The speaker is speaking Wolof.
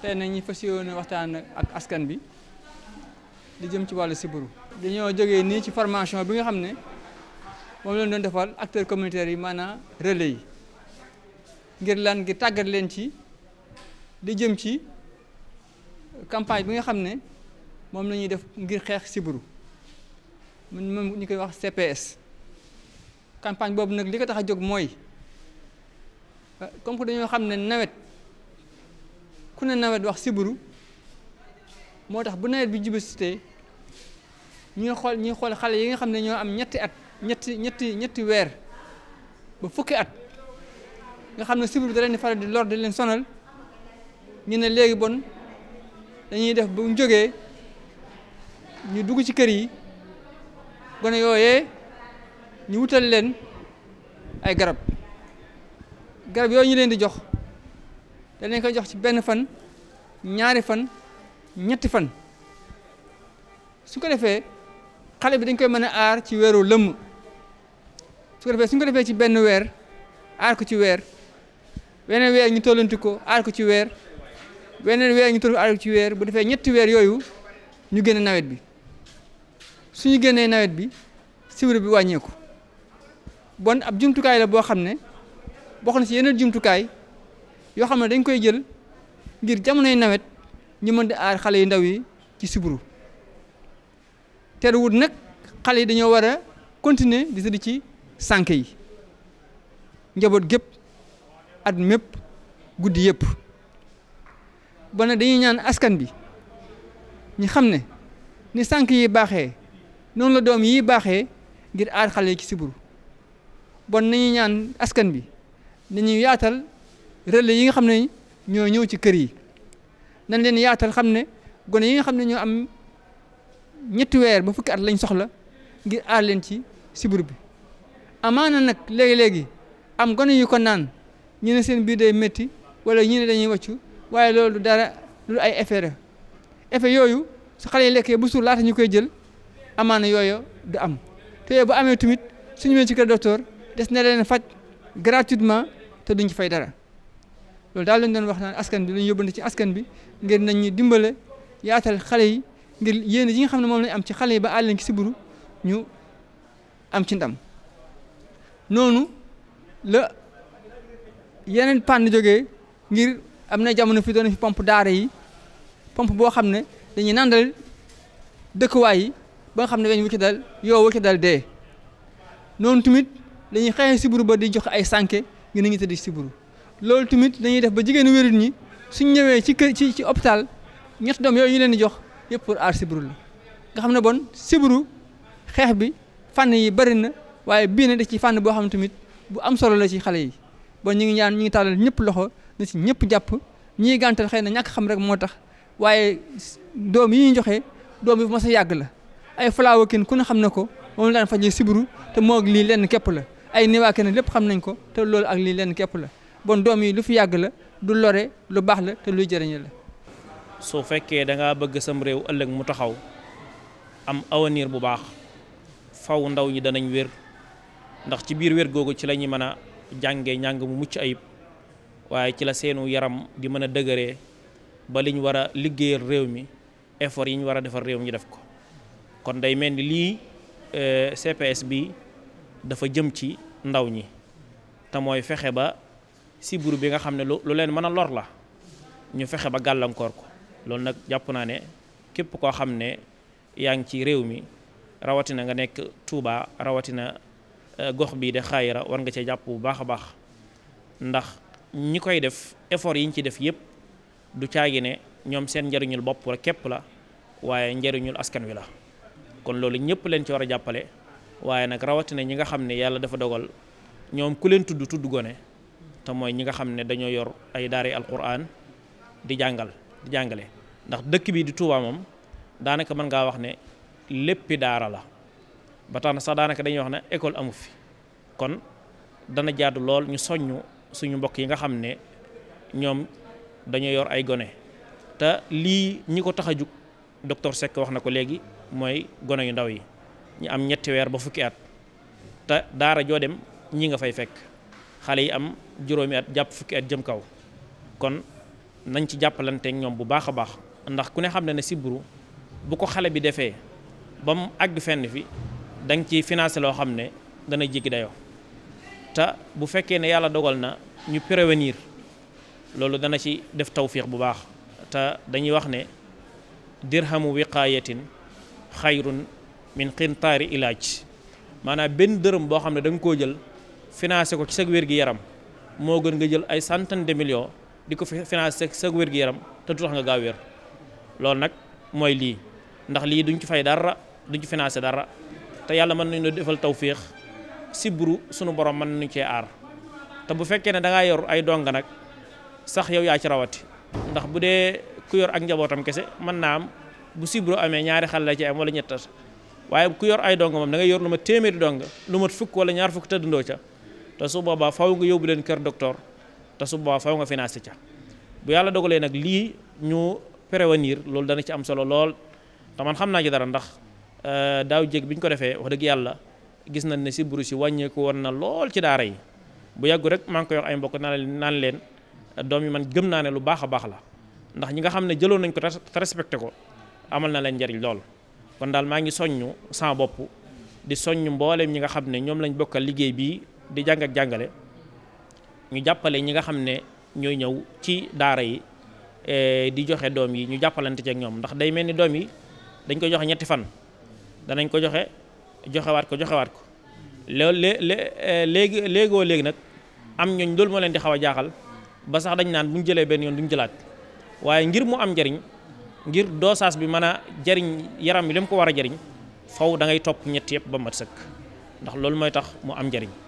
tey nag ñu fas yéene waxtaan ak askan bi li jëm ci wàllu sibiru dañoo jógee nii ci formation bi nga xam ne moom lañ doon defal acteurs communautaires yi maanaam relais yi ngir lan tàggat leen ci li jëm ci campagne bi nga xam ne moom la ñuy def ngir xeex sibiru man moom ñu koy wax CPS campagne boobu nag li ko tax a jóg mooy comme que dañoo xam ne nawet ku ne nawet wax siburu moo tax bu nawet bi jubasitee ñuy xool ñuy xool xale yi nga xam ne ñoo am ñetti at ñetti ñetti ñetti weer ba fukki at nga xam ne siburu da leen di faral di lor di leen sonal ñu ne léegi bon dañuy def bu jógee ñu dugg ci kër yi gone yooyee ñu wutal leen ay garab garab yooyu ñu leen di jox danañ koy jox ci benn fan ñaari fan ñetti fan su ko defee xale bi dañ koy mën a aar ci weeru lëmm su ko defee suñ ko defee ci benn weer aar ko ci weer weneen weer ñu tollanti ko aar ko ci weer weneen weer ñu ko aar ci weer bu defee ñetti weer yooyu ñu génne nawet bi suñu génnee nawet bi siwir bi wàññeeku bon ab jumtukaay la boo xam ne bokk na ci yeneen jumtukaay yoo xam ne dañ koy jël ngir jamonoy nawet ñi mën di aar xale yu ndaw yi ci siburu terewut nag xale yi dañoo war a continuer di ci sànk yi njaboot gépp at mépp guddi yëpp ba nag dañuy ñaan askan bi ñu xam ne ni sànk yi baaxee noonu la doom yi baaxee ngir aar xale yi ci siburu bon nañu ñaan askan bi nañu yaatal relais yi nga xam ne ñoo ñëw ci kër yi nañ leen yaatal xam ne gone yi nga xam ne ñoo am ñetti weer ba fukki at lañ soxla ngir aar leen ci sibbiru bi amaana nag léegi-léegi am gone yi ko naan ñu ne seen biir day métti wala ñu ne dañuy wàccu waaye loolu dara loolu ay effet la effet yooyu su xale yi lekkee bu suur laata ñu koy jël amaana yooyu du am te yooyu amee tamit suñu meen ci kër docteur des na leen faj gratuitement te duñ ci fay dara loolu daal lañ doon waxtaan naan askan bi lañ yóbbante ci askan bi ngir nañ ñu dimbale yaatal xale yi ngir yéen yi nga xam ne moom lañ am ci xale yi ba àll leen ñu am ci ndam noonu la yeneen pànn jógee ngir am na jamono fi doon fi pompe daara yi pompe boo xam ne dañuy nandal dëkkuwaay yi ba nga xam ne weñ wu ci dal yow wu dal dee noonu tamit dañuy xëyee siburu ba di jox ay sànke ngir nañu tëdd siburu loolu tamit dañuy def ba jigéenu wérut ñi suñ ñëwee ci kër ci ci hôpital ñett doom yooyu ñu leen di jox yëpp pour aar sibiru la nga xam ne bon sibiru xeex bi fànn yi bari na waaye bii na da ci fànn boo xam ne tamit bu am solo la ci xale yi bon ñu ngi ñaan ñu ngi tàllal ñëpp loxo na ci ñëpp jàpp ñiy gàntal xëy na ñàkk xam rek moo tax waaye doom yi ñuy joxe doom bi bu ma sa yàgg la ay Flaawakin ku ne xam na ko moom la daan fajee sibiru te moo ak lii lenn képp la ay Niwaakin lépp xam nañ ko te loolu ak lii lenn képp la bon doom yi lu fi yàgg la du lore lu baax la te luy jëriñ la. su fekkee da ngaa bëgg sam réew ëllëg mu taxaw am avenir bu baax faw ndaw ñi danañ wér ndax ci biir wér googu ci la ñuy mën a jàngee njàng mu mucc ayib waaye ci la seenu yaram di mën a dëgëree ba liñ war a liggéeyal réew mi effort yi ñu war a defar réew mi def ko kon day mel ni lii eh, CPS bi dafa jëm ci ndaw ñi te mooy fexe ba. siburu bi nga xam ne lu lu leen mën a lor la ñu fexe ba gàllankoor ko loolu nag jàpp naa ne képp koo xam ne yaa ngi ci réew mi rawatina nga nekk Touba rawatina euh, gox bii de xaayira war nga cee jàpp bu baax a baax ndax ñi koy def effort yi ñu ci def yépp du caagi ne ñoom seen njariñul bopp képp la waaye njariñul askan wi la kon loolu ñépp leen ci war a jàppale waaye nag rawatina ñi nga xam ne yàlla dafa dogal ñoom ku leen tudd tudd gone te mooy ñi nga xam ne dañoo yor ay daara alquran di jàngal di jàngale ndax dëkk bii di Touba moom daanaka mën ngaa wax ne léppi daara la ba tax na sax daanaka dañuy wax ne école amu fi kon dana jaadu lool ñu soññ suñu mbokk yi nga xam ne ñoom dañoo yor ay gone te lii ñi ko tax a jug docteur Seck wax na ko léegi mooy gone yu ndaw yi ñu am ñetti weer ba fukki at te daara joo dem ñi nga fay fekk xale yi am juróomi at jàpp fukki at jëm kaw kon nañ ci jàppalanteeg ñoom bu baax a baax ndax ku ne xam ne ne sibbiru bu ko xale bi defee ba mu àgg fenn fi da nga ciy financé loo xam ne dana jéggi dayo te bu fekkee ne yàlla dogal na ñu prévenir loolu dana ci def tawfiix bu baax te dañuy wax ne dirhamu wiqaayatin xayrun min qintaari ilaaj maanaam benn dërëm boo xam ne da nga koo jël financé ko ci sag wér-gi-yaram moo gën nga jël ay centaine de millions di ko fi financé sag wér-gi-yaram te du tax nga gaaw wér loolu nag mooy lii ndax lii duñ ci fay dara duñ ci financé dara te yàlla mën nañu defal tawféex sibru sunu borom mën nañu cee aar te bu fekkee ne dangay yor ay donga nag sax yaw yaa ci rawati ndax bu dee ku yor ak njabootam kese mën naa am bu sibru amee ñaari xale la ci am wala ñett waaye ku yor ay dong moom da ngay yor lu ma téeméeri dong lu mat fukk wala ñaar fukk tëddandoo ca te su boobaa faw nga yóbbu leen kër doktoor te su boobaa faw nga financé ca bu yàlla dogalee nag lii ñu prévenir loolu dana ci am solo lool te man xam naa ci dara ndax euh, daaw jég bi ñu ko defee wax dëgg yàlla gis nañ ne si buru yi wàññeeku woon na lool ci daara yi bu yàggu rek maa ngi koy wax ay mbokk naan leen euh, doom yi man gëm naa ne lu baax a baax la ndax ñi nga xam ne jëloon nañ ko te respecté ko amal na leen njariñ lool kon daal maa ngi soññu sama bopp di soññ mbooleem ñi nga xam ne ñoom lañ bokkal liggéey bii di jàng jàngale ñu jàppale ñi nga xam ne ñooy ñëw ci daara yi e, di joxe doom yi ñu jàppalante ci ak ñoom ndax day mel ni doom yi dañ koy joxe ñetti fan danañ ko joxe joxewaat ko joxewaat ko loolu e, léegi léegoo léegi nag am ñooñ loolu moo leen di xaw a jaaxal ba sax dañ naan bu ñu jëlee benn yoon duñ jëlaat waaye ngir mu am njariñ ngir dosage bi mën a jariñ yaram bi li ko war a jariñ faw da ngay topp ñetti yëpp ba mat sëkk ndax loolu mooy tax mu am njariñ